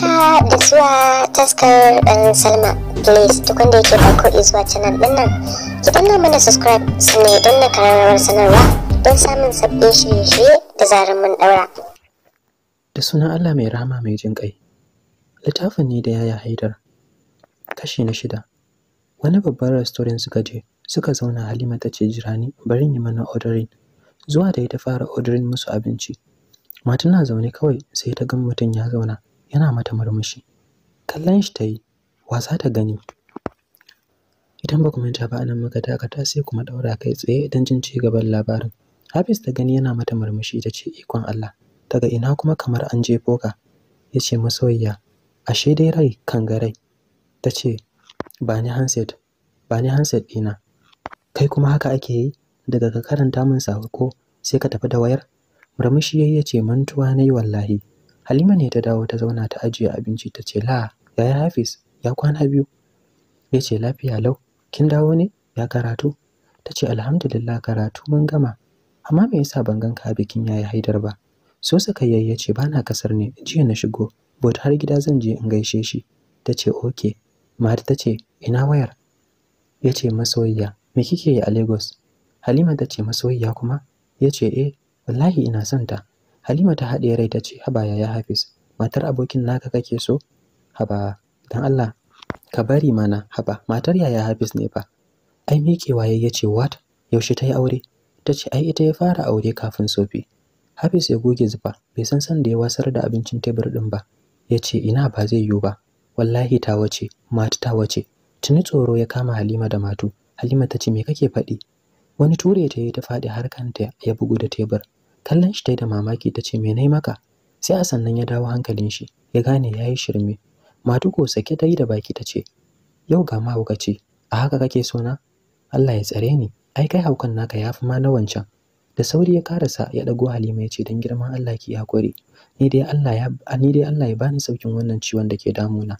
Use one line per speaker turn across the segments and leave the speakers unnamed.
haka da zuwa taskar ɗan salma please duk wanda yake farko izuwa canal ɗin nan ki danna mana subscribe sannan don na kararrawar sanarwa don samun sabbin shirye-shirye da zarar mun ɗaura. da suna allah mai rahama mai jin ƙai littafin ne da yaya haidar kashi na shida wani babban restoran suka je suka zauna halima ta ce jirani bari yi mana ordering zuwa da ita fara ordering musu abinci matana zaune kawai sai ta ga mutum ya zauna yana mata murmushi kallon shi ta yi wasa ta gani idan ba ku manta ba anan muka dakata sai kuma daura kai tsaye don jin ci gaban labarin hafiz ta gani yana mata murmushi ta ce ikon allah daga ina kuma kamar an jefo ka ya ce masoyiya ashe dai rai kan ga rai ta ce ba ni handset ba ni handset ɗina kai kuma haka ake yi daga ka karanta min sako sai ka tafi da wayar murmushi ya ce mantuwa na yi wallahi Halima ne ta dawo ta zauna ta ajiye abinci ta ce la yaya Hafiz ya kwana biyu ya ce lafiya lau kin dawo ne ya karatu ta ce alhamdulillah karatu mun gama amma me yasa ban ganka a bikin yayi Haidar ba so sakayya ya ce bana kasar ne jiya na shigo bot har gida zan je in gaishe shi ta ce oke Mari ta ce ina wayar ya ce masoyiya me kike yi a Lagos Halima ta ce masoyiya kuma ya ce eh wallahi ina son ta Halima ta haɗe rai ta ce haba yaya Hafiz matar abokin naka kake so haba dan Allah ka bari mana haba matar yaya Hafis ne fa ai miƙewa ya ce what yaushe ta yi aure ta ce ai ita ya fara aure kafin sofi Hafiz ya goge zufa bai san san da ya wasar da abincin tebur din ba ya ce ina ba zai yiwu ba wallahi ta wace matu ta wace tuni tsoro ya kama Halima da matu Halima ta ce me kake faɗi wani ture ta yi ta faɗi har kanta ya bugu da tebur kallon shi ta yi da mamaki ta ce me maka sai a sannan ya dawo hankalin shi ya gane ya yi shirme maduko sake ta yi da baki ta ce yau ga mahauka ce a haka kake so na Allah ya tsare ni ai kai haukan naka ya fi ma na wancan da sauri ya karasa ya ɗago halima ya ce don girman Allah ki ya ni dai Allah ya ni dai Allah ya bani saukin wannan ciwon da ke damuna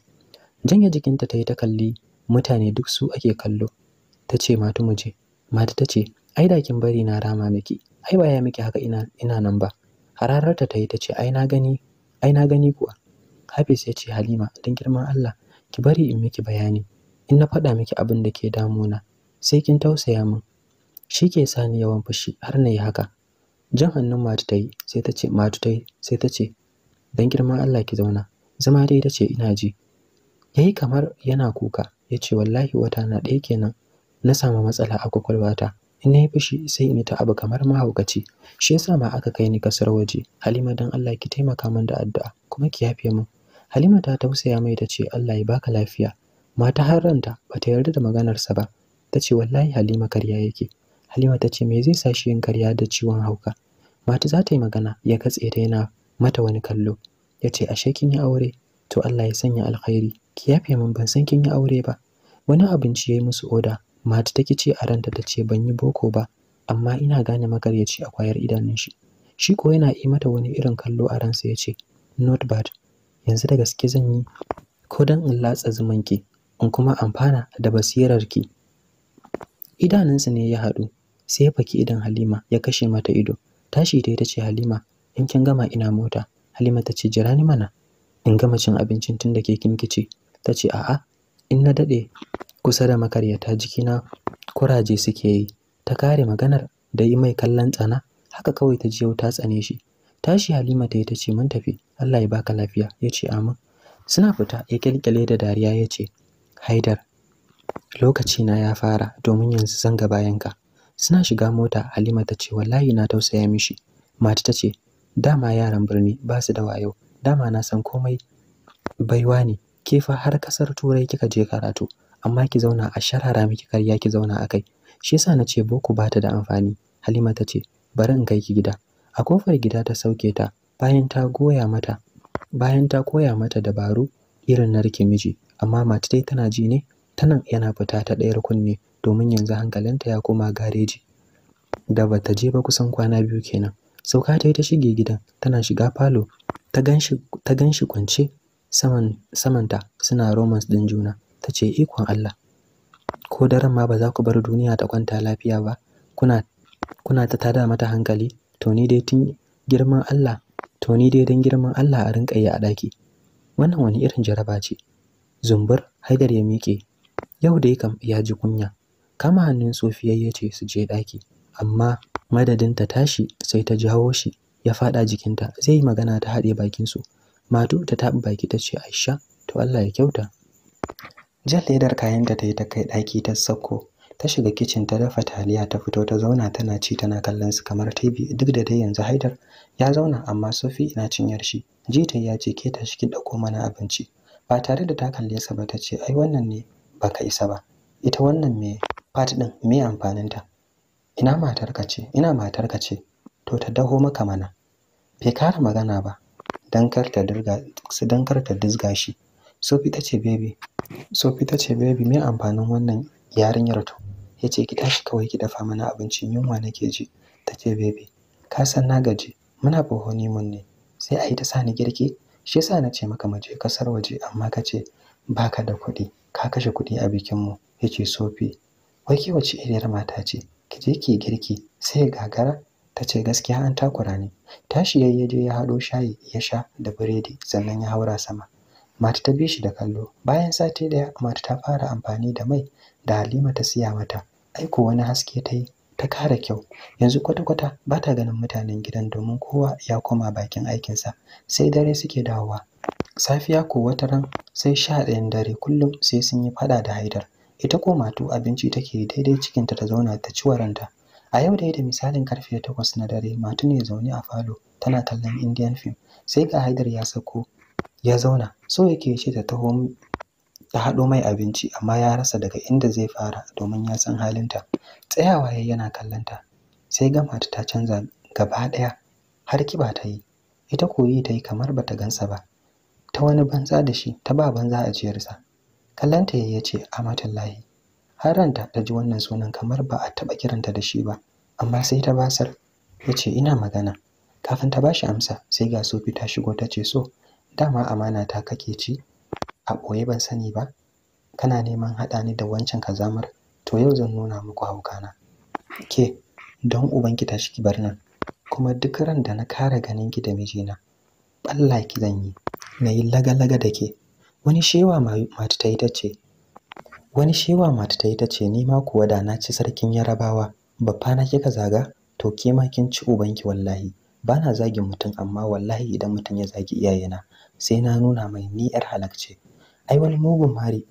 janye jikinta ta yi ta kalli mutane duk su ake kallo ta ce matu muje mata ta ce ai dakin bari na rama miki ai ba ya miki haka ina ina nan ba hararta ta yi ta ce ai na gani ai na gani kuwa Hafiz ya ce Halima dan girman Allah ki bari in miki bayani in na faɗa miki abin da ke na, sai kin tausaya min shi ke sani yawan fushi har na yi haka jan hannun matu ta yi sai ta ce matu ta sai ta ce don girman Allah ki zauna zama dai ta ce ina ji ya yi kamar yana kuka ya ce wallahi wata na ɗaya kenan na samu matsala a kwakwalwata in yi fushi sai in ta abu kamar mahaukaci shi yasa ma aka kai ni kasar waje halima dan Allah ki taimaka min da addu'a kuma ki yafe min halima ta tausaya mai ta ce Allah ya baka lafiya mata har ranta ba ta yarda da maganar sa ba ta ce wallahi halima karya yake halima ta ce me zai sa shi yin karya da ciwon hauka mata za ta yi magana ya katse ta yana mata wani kallo ya ce ashe kin yi aure to Allah ya sanya alkhairi ki yafe min ban san kin yi aure ba wani abinci ya yi musu oda Mata ta ce a ranta ta ce ban yi boko ba amma ina gane makaryaci a kwayar idanun shi. Shi ko yana yi mata wani irin kallo a ransa ya ce not bad yanzu da gaske zan yi ko don in latsa zumanki in kuma amfana da basirarki. idanunsa ne ya haɗu sai ya faki idan Halima ya kashe mata ido. Tashi dai ta ce Halima in kin gama ina mota. Halima ta ce jira ni mana in gama cin abincin tun da ke kinkice. Ta ce a'a in na daɗe kusa da makaryata jikina kuraje suke yi ta kare maganar da yi mai kallon tsana haka kawai ta jiyo ta tsane shi tashi halima ta yi ta ce mun tafi allah ya baka lafiya ya ce amin suna fita ya kyalkyale da dariya ya ce haidar lokaci na ya fara domin yanzu zan ga bayanka suna shiga mota halima ta ce wallahi na tausaya mishi mata ta ce dama yaran birni ba su da wayo dama na san komai baiwa ne ke fa har kasar turai kika je karatu amma ki zauna a sharara miki karya ki zauna a kai shi yasa na ce boko ba ta da amfani halima ta ce bari in kai ki gida a kofar gida ta sauke ta bayan ta goya mata bayan ta koya mata dabaru irin na rike miji amma mata dai tana ji ne tana yana fita ta ɗayar kunne domin yanzu hankalinta ya koma gareji da bata je ba kusan kwana biyu kenan sauka ta yi ta shige gidan tana shiga falo ta ganshi kwance saman samanta suna romance ɗin juna ta ce ikon Allah ko daren ma ba za ku bar duniya ta kwanta lafiya ba kuna kuna ta tada mata hankali to ni dai tun girman Allah to ni dai dan girman Allah a rinka a daki wannan wani irin jaraba ce zumbur haidar ya miƙe yau dai kam ya ji kunya kama hannun sofiya ya ce su je daki amma madadin ta tashi sai ta jawo shi ya fada jikinta zai yi magana ta haɗe bakinsu matu ta taɓa baki ta ce aisha to Allah ya kyauta jan ledar kayanta ta yi ta kai ɗaki ta sako, ta shiga kicin ta dafa taliya ta fito ta zauna tana ci tana kallon su kamar TV duk da dai yanzu Haidar ya zauna amma Sofi ina cinyar shi jita ya ce ke tashi ki ɗauko mana abinci ba tare da ta kalle sa ba ta ce ai wannan ne baka isa ba ita wannan me fat din me amfanin ta ina matarka ce ina ka ce to ta daho maka mana bai kara magana ba dan karta dirga su dan kar ta dizga shi Sofi ta ce baby, Sofi ta ce baby me amfanin wannan yarinyar to? Ya ce ki tashi kawai ki dafa mana abincin yunwa nake ji. Ta ce baby, ka san na gaji, muna bohoni mun ne. Sai a yi ta sani girki, shi yasa na ce maka mu je kasar waje amma ka ce baka da kuɗi, ka kashe kuɗi a bikinmu. Ya ce Sofi, wai ke wace iriyar mata ce? Ki je ki girki, sai gagara ta ce gaskiya an takura ne tashi yayye je ya haɗo shayi ya sha da biredi sannan ya haura sama mata ta bi shi da kallo bayan sati ɗaya, mata ta fara amfani da mai da halima ta siya mata aiko wani haske ta yi ta kara kyau yanzu kwata-kwata ba ta ganin mutanen gidan domin kowa ya koma bakin aikinsa sai dare suke dawowa safiya ko wata ran sai sha ɗayan dare kullum sai sun yi faɗa da haidar ita ko matu abinci take daidai cikinta ta zauna ta ci waranta a yau dai da misalin karfe takwas na dare matu ne zaune a falo tana kallon indian film sai ga haidar ya sauko ya zauna so yake shi ta taho ta haɗo mai abinci amma ya rasa daga inda zai fara domin ya san halinta tsayawa yayi yana kallonta sai gama ta canza gaba ɗaya har kiba ta yi ita koyi ta yi kamar bata gansa ba ta wani banza da shi ta ba banza a ciyarsa. kallonta ya ce amatallahi har ranta ta ji wannan sunan kamar ba a taɓa kiranta da shi ba amma sai ta basar ya ce ina magana kafin ta bashi amsa sai ga sofi ta shigo ta ce so dama amana ta kake ci a ɓoye ban sani ba kana neman haɗa ni da wancan kazamar to yau zan nuna muku haukana ke don uban ki tashi ki bar nan kuma duk ran da na kara ganin ki da mijina balla ki zan yi na yi laga-laga da ke wani shewa mata ta yi ta ce wani shewa mata ta yi ta ce ni ma kuwa da na ci sarkin yarabawa babba na kika zaga to ke ma kin ci ubanki wallahi bana zagin mutum amma wallahi idan mutum ya zagi iyayena sai na nuna mai ni yar halak ai wani mugun mari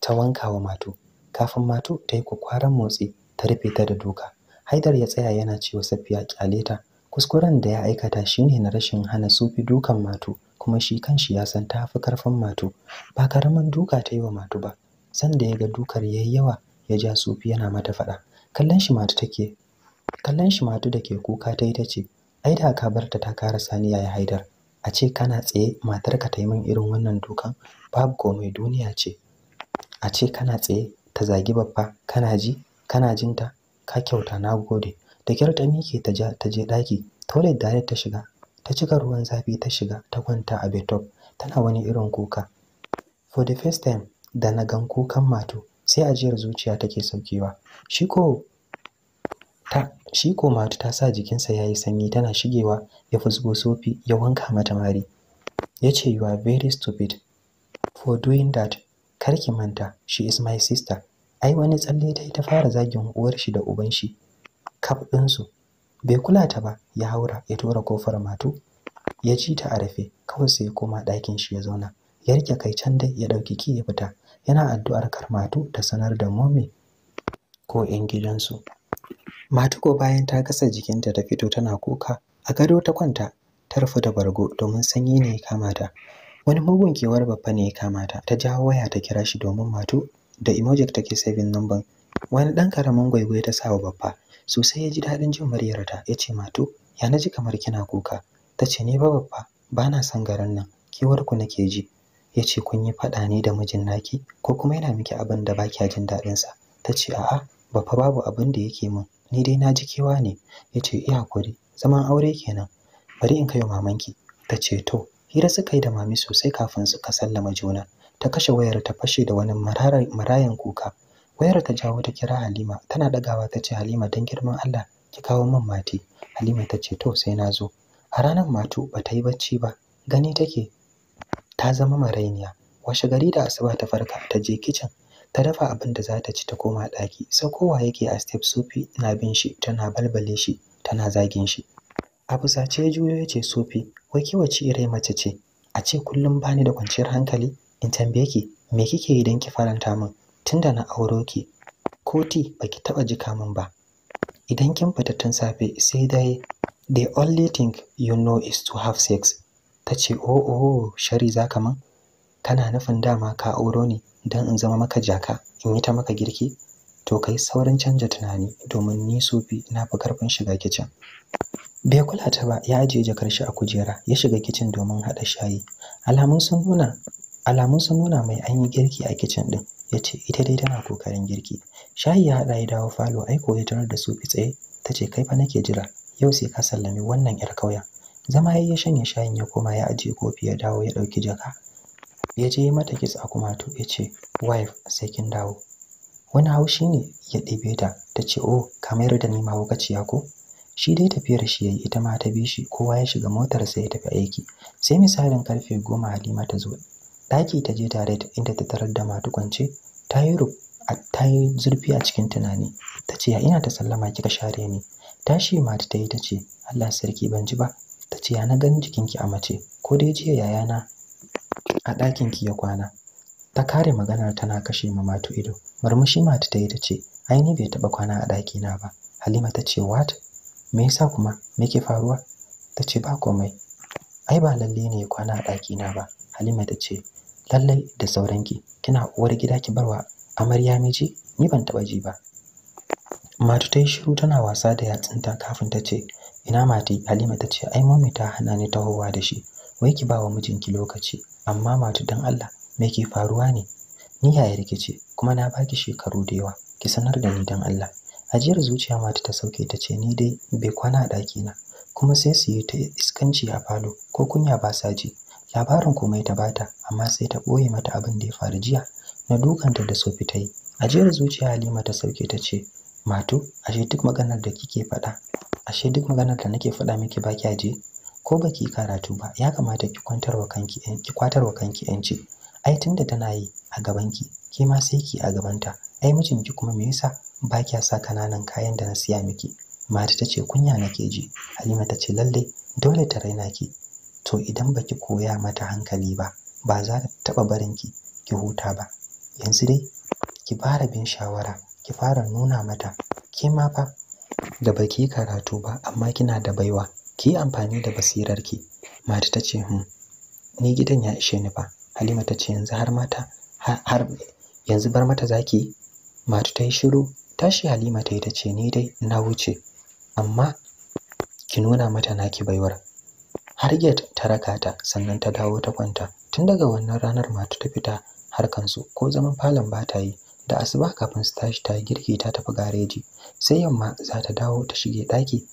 ta wanka wa mato kafin mato ta yi kwakwaran motsi ta rufe ta da duka haidar ya tsaya yana cewa safiya kyale ta kuskuren da ya aikata shine na rashin hana sufi dukan mato kuma shi kanshi ya san ta fi karfin mato ba karaman duka ta yi wa mato ba sanda ya ga dukar ya yi yawa ya ja sufi yana mata faɗa kallon shi mato take kallon shi mato da ke kuka ta yi ta ce ai da ka barta ta kara saniya ya haidar a ce kana tsaye matarka ta yi min irin wannan dukan babu komai duniya ce a ce kana tsaye ta zagi babba kana ji kana jinta ka kyauta na gode da kyar ta miƙe ta ja ta je ɗaki toilet da ta shiga ta cika ruwan zafi ta shiga ta kwanta a betop tana wani irin kuka for the first time da na gan kukan mato sai ajiyar zuciya take saukewa shi ko ta shi ko matu ta sa jikinsa ya yi sanyi tana shigewa ya fusgo sofi ya wanka mata mari ya ce you are very stupid for doing that kar manta she is my sister ai wani tsalle ta ta fara zagin uwar shi da uban shi kaf ɗinsu bai kula ta ba ya haura ya tura kofar matu ya ci ta a rufe kawai sai ya koma ɗakin shi ya zauna ya rike kai can dai ya ɗauki ki ya fita yana addu'ar karmatu ta sanar da momi ko 'yan gidansu ko bayan ta gasa jikinta ta fito tana kuka, a gado ta kwanta, ta rufe da bargo domin sanyi ne ya kama Wani mugun kewar babba ne ya kama ta, ta jawo waya ta kira shi domin mato da Imojik take saving number. Wani ɗan karamin gwaigwai ta sa wa babba, sosai ya ji daɗin jin muryarta, ya ce mato ya na ji kamar kina kuka. Ta ce ne ba babba, ba na son garin nan, kewar ku nake ji. Ya ce kun yi faɗa ne da mijin naki ko kuma yana miki abin da ba kya jin daɗinsa. Ta ce a'a, babba babu abin da yake min. ni dai na ji kewa ne ya ce iya hakuri zaman aure kenan bari in kai wa mamanki ta ce to hira suka yi da mami sosai kafin suka sallama juna ta kashe wayar ta fashe da wani marayan kuka wayar ta jawo ta kira halima tana dagawa ta ce halima don girman allah ki kawo min mati halima ta ce to sai na zo a ranar matu ba ta yi bacci ba gani take ta zama marainiya washe gari da asuba ta farka ta je kicin ta dafa abin da za ta ci ta koma ɗaki kowa yake a step sofi na bin shi tana balbale shi tana zagin shi a fusace ya juyo ya ce sofi wai wace irai mace ce a ce kullum bani da kwanciyar hankali in tambaye ki me kike yi don ki faranta min da na auro ki ko ti baki taɓa jika min ba idan kin fita tun safe sai dai the only thing you know is to have sex ta ce oh oh shari zaka man kana nufin dama ka auro ne don in zama maka jaka in yi ta maka girki to kai saurin canja tunani domin ni sofi na fi karfin shiga kicin bai kula ta ba ya ajiye jakar shi a kujera ya shiga kicin domin haɗa shayi alamun sun nuna mai an yi girki a kicin din ya ce ita dai tana kokarin girki shayi ya haɗa ya dawo falo aiko ya tarar da sofi tsaye ta ce kai fa nake jira yau sai ka sallami wannan yar kauya zama ya yi shanye shayin ya koma ya ajiye kofi ya dawo ya ɗauki jaka ya je mata kiss a kumatu ya ce wife sai kin dawo wani haushi ne ya ɗebe ta ta ce o, oh, ka mayar da ni mahaukaciya ko shi dai tafiyar shi ya yi ita ma ta bi shi kowa ya shiga motar sai ya tafi aiki sai misalin karfe goma halima ta zo ɗaki ta je tare inda ta tarar da matu kwance ta yi ta yi zurfi a cikin tunani ta ce ya ina ta sallama kika share ni tashi mata ta yi ta ce allah sarki ban ji ba ta ce ya na ganin jikinki a mace ko dai jiya yayana a ɗakin ki ya kwana ta kare maganar tana kashe ma matu ido murmushi matu ta yi ta ce ai ni bai taɓa kwana a ɗaki na ba halima ta ce what me yasa kuma me ke faruwa ta ce ba komai ai ba lalle ne ya kwana a ɗaki na ba halima ta ce lallai da sauranki kina uwar gida ki barwa amarya miji ni ban taɓa ji ba matu ta yi shiru tana wasa da yatsunta kafin ta ce ina mati halima ta ce ai mami ta hana ni tahowa da shi wai ki ba wa mijinki lokaci amma matu dan Allah me ke faruwa ne ni yaya rikice kuma na baki shekaru da yawa ki sanar da ni dan Allah ajiyar zuciya matu ta sauke ta ce ni dai bai kwana a ɗakina. na kuma sai su yi ta iskanci a falo ko kunya ba sa ji labarin komai ta bata amma sai ta ɓoye mata abin da ya faru jiya na dukanta da sofi ta yi ajiyar zuciya halima ta sauke ta ce matu, ashe duk maganar da kike faɗa ashe duk maganar da nake faɗa miki baki aje ko baki karatu ba ya kamata ki wa kanki ki kwatarwa kanki yanci ai tunda tana yi a gaban ki, ke ma sai ki a gaban ta. ai mijinki kuma me yasa ba kya sa kananan kayan da na siya miki mata ta ce kunya nake ji halima ta ce lalle dole ta raina ki to idan baki koya mata hankali ba ba za ta taba barin ki ki huta ba yanzu dai ki fara bin shawara ki fara nuna mata ke ma fa da baki karatu ba amma kina da baiwa ki yi amfani da basirarki ki ta ce hmm ni gidan ya ishe ni fa halima ta ce yanzu har mata har yanzu bar mata zaki mata ta yi shiru tashi halima ta yi ce ni dai na wuce amma ki nuna mata naki baiwar har get ta raka ta sannan ta dawo ta kwanta tun daga wannan ranar mata ta fita harkansu ko zaman falon ba ta yi da asuba kafin su tashi ta girki ta tafi gareji sai yamma za ta dawo ta shige daki.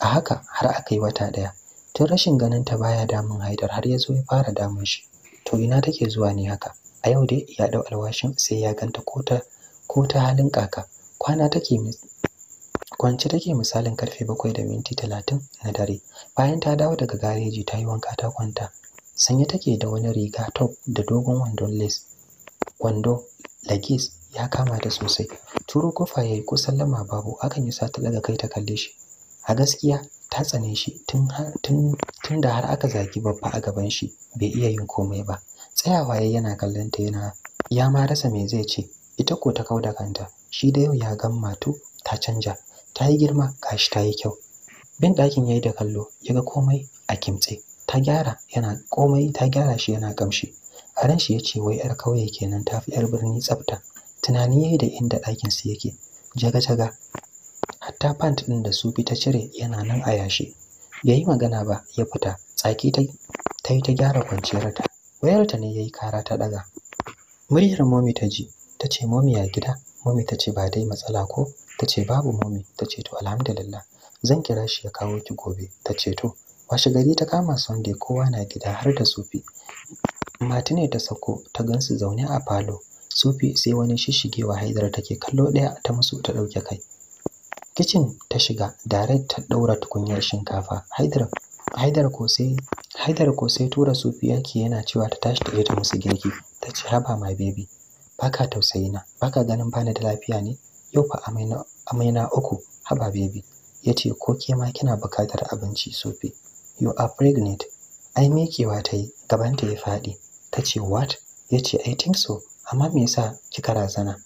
a haka har aka yi wata ɗaya tun rashin ganin ta baya damun haidar har ya zo ya fara damun shi to ina take zuwa ne haka a yau dai ya dau alwashin sai ya ganta ko ta ko ta halin kaka kwana take kwanci take misalin karfe bakwai da minti talatin na dare bayan ta dawo daga gareji ta yi wanka ta kwanta sanye take da wani riga top da dogon wandon lace wando lagis ya kama da sosai turo kofa yayi ko sallama babu akan yi sata ta daga kai ta kalle shi a gaskiya ta tsane shi tun da har aka zagi babba a gaban shi bai iya yin komai ba tsayawa ya yana kallon ta yana ya ma rasa me zai ce ita ko ta kauda kanta shi da yau ya gan mato ta canja ta yi girma gashi ta yi kyau bin ɗakin ya yi da kallo ya ga komai a kimtse ta gyara yana komai ta gyara shi yana kamshi a ran shi ya ce wai yar kauye kenan tafi yar birni tsafta tunani yi da inda ɗakinsu su yake jaga jaga hatta pant ɗin da sufi ta cire yana nan a yashi yayi magana ba ya fita tsaki ta yi ta gyara kwanciyarta wayarta ne ya yi kara ta ɗaga muryar momi ta ji ta ce momi ya gida momi ta ce ba dai matsala ko ta ce babu momi ta ce to alhamdulillah zan kira shi ya kawo ki gobe ta ce to washe gari ta kama sunday kowa na gida har da sufi ne ta sako ta gansu zaune a falo sufi sai wani shishigewa haidar take kallo ɗaya ta musu ta ɗauke kai kicin ta shiga direct ta ɗaura tukunyar shinkafa haidar haidar ko sai haidar ko sai tura sufi yake yana cewa ta tashi ta ita ta musu girki ta ce haba my baby baka ba baka ganin bani da lafiya ne yau fa amaina amaina uku haba baby ce, ko ke ma kina buƙatar abinci sofi you are pregnant ai mekewa ta yi gabanta ya faɗi ta ce what Ya ce, i think so amma me yasa kika razana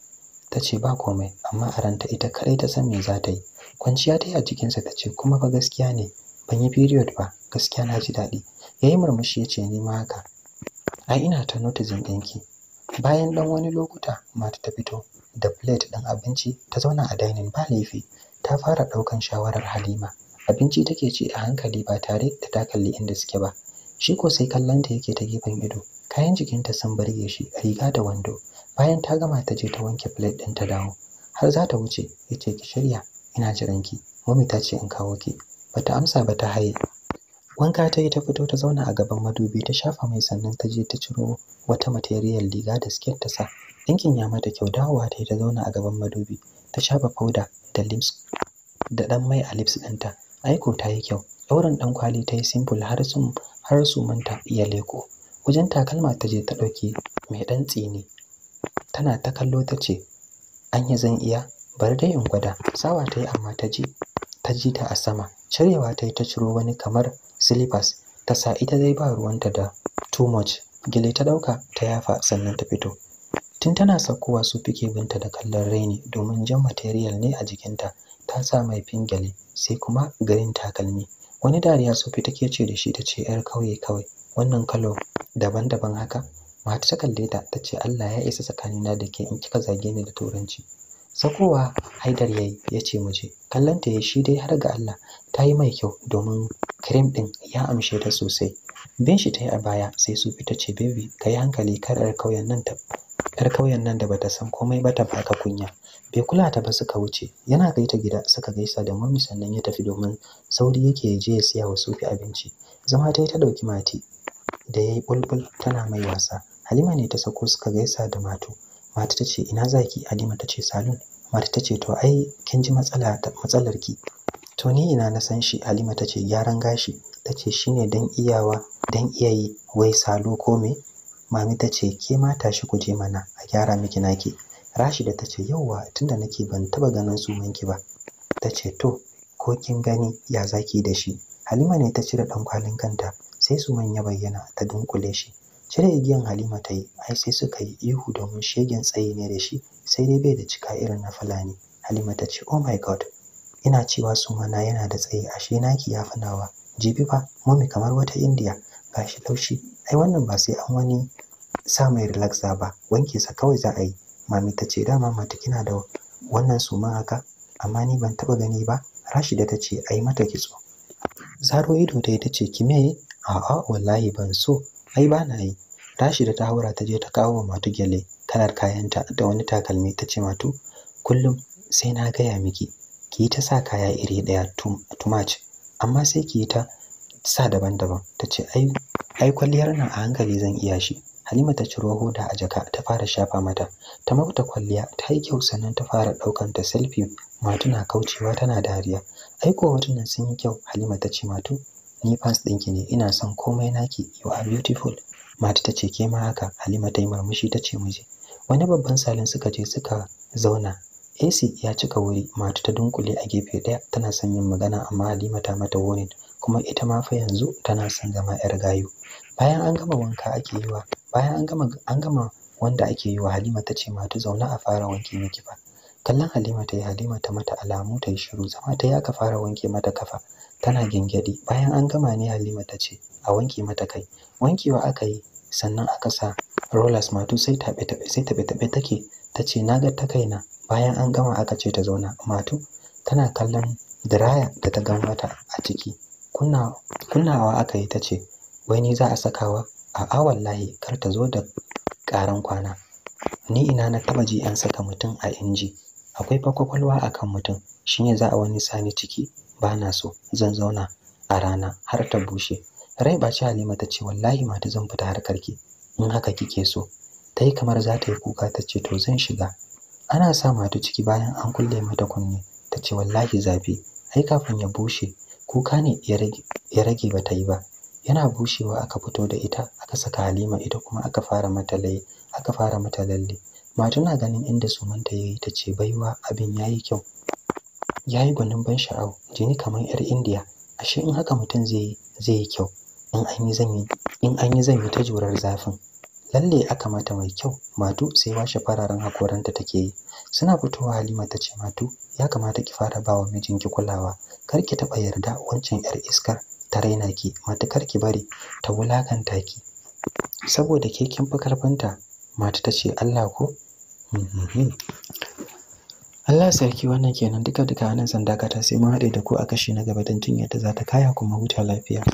ta ce ba komai amma a ranta ita kadai ta san me za ta yi kwanciya ta yi a jikinsa ta ce kuma fa gaskiya ne ban yi period ba gaskiya na ji daɗi ya yi murmushi ya ce ni ma haka ai ina ta notisin ɗinki bayan ɗan wani lokuta mata ta fito da plate ɗin abinci ta zauna a dining ba laifi ta fara ɗaukan shawarar halima abinci take ci a hankali ba tare da ta kalli inda suke ba shi ko sai kallonta yake ta gefen ido kayan jikinta sun barge shi a riga da wando bayan ta gama ta je ta wanke plate ɗin ta dawo har za ta wuce ya ce ki shirya ina jiran ki mami ta ce in kawo ki bata amsa ba ta haye wanka ta yi ta fito ta zauna a gaban madubi ta shafa mai sannan ta je ta ciro wata material riga da skirt ta sa ɗinkin ya mata kyau dawowa ta yi ta zauna a gaban madubi ta shafa powder da lips da ɗan mai a lips ɗinta aiko ta yi kyau ɗaurin ɗan kwali ta yi simple har har su manta iya leko wajen takalma ta je ta ɗauki mai ɗan tsini tana ta kallo ta ce anya zan iya bari dai in gwada sawa ta yi amma ta ji ta ji ta a sama cirewa ta yi ta ciro wani kamar silifas ta sa ita dai ba ruwanta da too much gile ta ɗauka ta yafa sannan ta fito tun tana saukowa su fike binta da kallon raini domin jan material ne a jikinta ta sa mai fingale sai kuma garin takalmi wani dariya sofi take ce da shi ta ce yar kauye kawai wannan kalo daban-daban haka mata ta kalle ta ta ce Allah ya isa tsakanina da ke in kika zage ni da turanci sakowa haidar yayi ya ce mu je kallon ta shi dai har ga Allah ta yi mai kyau domin cream din ya amshe ta sosai bin shi ta yi a baya sai su fita ce baby ka yi hankali kar yar kauyen nan ta kar nan da bata san komai ba ta baka kunya bai kula ta ba suka wuce yana kai ta gida suka gaisa da mami sannan ya tafi domin sauri yake je ya siya wa Sufi abinci zama ta yi ta ɗauki mati da ya yi bulbul tana mai wasa Halima ne ta sako suka gaisa da Matu Matu tace ina zaki Halima tace salon Matu tace to ai kin ji matsala matsalar ki to ni ina na san shi Halima tace gyaran gashi tace shine dan iyawa dan iyayi wai salo ko me mami tace ke mata shi ku je mana a gyara miki naki Rashida tace yauwa tunda nake ban taba ganin sumanki ba tace to ko kin gani ya zaki da shi Halima ne ta cire dan kwalin kanta sai su manya bayyana ta dunkule shi cire igiyan halima ta yi ai sai suka yi ihu domin shegen tsayi ne da shi sai dai bai da cika irin na fulani halima ta ce oh my god ina cewa mana yana da tsayi ashe naki ya fanawa jibi ba, mummy kamar wata indiya gashi laushi ai wannan ba sai an wani sa mai relaxa ba wanke sa kawai za a yi mami ta ce dama mata kina da wannan su suman haka amma ni ban taba gani ba rashida ta ce ai mata kitso zaro ido ta ta ce ki me a'a wallahi ban so ai ba na yi tashi da ta haura ta je ta kawo wa matu gyale kalar kayanta da wani takalmi ta ce matu kullum sai na gaya miki ki yi ta sa kaya iri ɗaya too much amma sai ki yi ta sa daban-daban ta ce ai kwalliyar nan a hankali zan iya shi Halima ta ci ciro hoda a jaka ta fara shafa mata ta mafta kwalliya ta yi kyau sannan ta fara ɗaukan ta selfie matu na kaucewa tana dariya ai watan hotunan sun yi kyau Halima ta ce matu ni fans ɗinki ne ina son komai naki you are beautiful mata ta ce ke ma haka halima ta yi murmushi ta ce muje wani babban salon suka je suka zauna AC ya cika wuri mata ta dunkule a gefe ɗaya. tana son yin magana amma Halima ta mata warning kuma ita ma fa yanzu tana son zama yar gayu bayan an gama wanka ake yi wa bayan an gama an gama wanda ake yi wa Halima ta ce mata zauna a fara wanke miki fa kallon Halima ta yi Halima ta mata alamu ta yi shiru zama ta ya ka fara wanke mata kafa tana gyangyaɗi bayan an gama ne halima ta ce a wanke mata kai wankewa aka yi sannan aka sa rollers matu sai taɓe taɓe sai tabe tabe take ta ce na ga ta kaina bayan an gama aka ce ta zauna matu tana kallon diraya da ta ga mata a ciki kunnawa aka yi ta ce wai ni za a sakawa a'a wallahi kar ta zo da karan kwana ni ina na taba ji an saka mutum a inji akwai fa kwakwalwa akan mutum shine za a wani sani ciki ba na so zan zauna a rana har ta bushe rai ba ɓaci halima ta ce wallahi mata zan fita harkar ki in haka kike so ta yi kamar za ta yi kuka ta ce to zan shiga ana sa mata ciki bayan an kulle mata kunne ta ce wallahi zafi ai kafin ya bushe kuka ne ya rage ba ta yi ba yana bushewa aka fito da ita aka saka halima ita kuma aka fara mata lalle aka fara mata lalle matuna ganin inda sumanta ya yi ta ce baiwa abin ya yi kyau ya yi gwanin ban sha'awa jini kamar yar indiya ashe in haka mutum zai yi kyau in an yi zan ta jurar zafin lalle aka mata mai kyau matu sai washe fararen hakoranta take yi suna fitowa halima ta ce matu ya kamata ki fara ba wa mijinki kulawa kar ki taɓa yarda wancan yar iskar ta raina ki matukar ki bari ta wulakanta ki saboda ke kin fi karfinta mata ta ce Allah ko mhm, mhm. Allah sarki wannan kenan duka duka nan zan dakata sai mun haɗe da ku a kashi na gaba don jin yadda za ta kaya kuma huta lafiya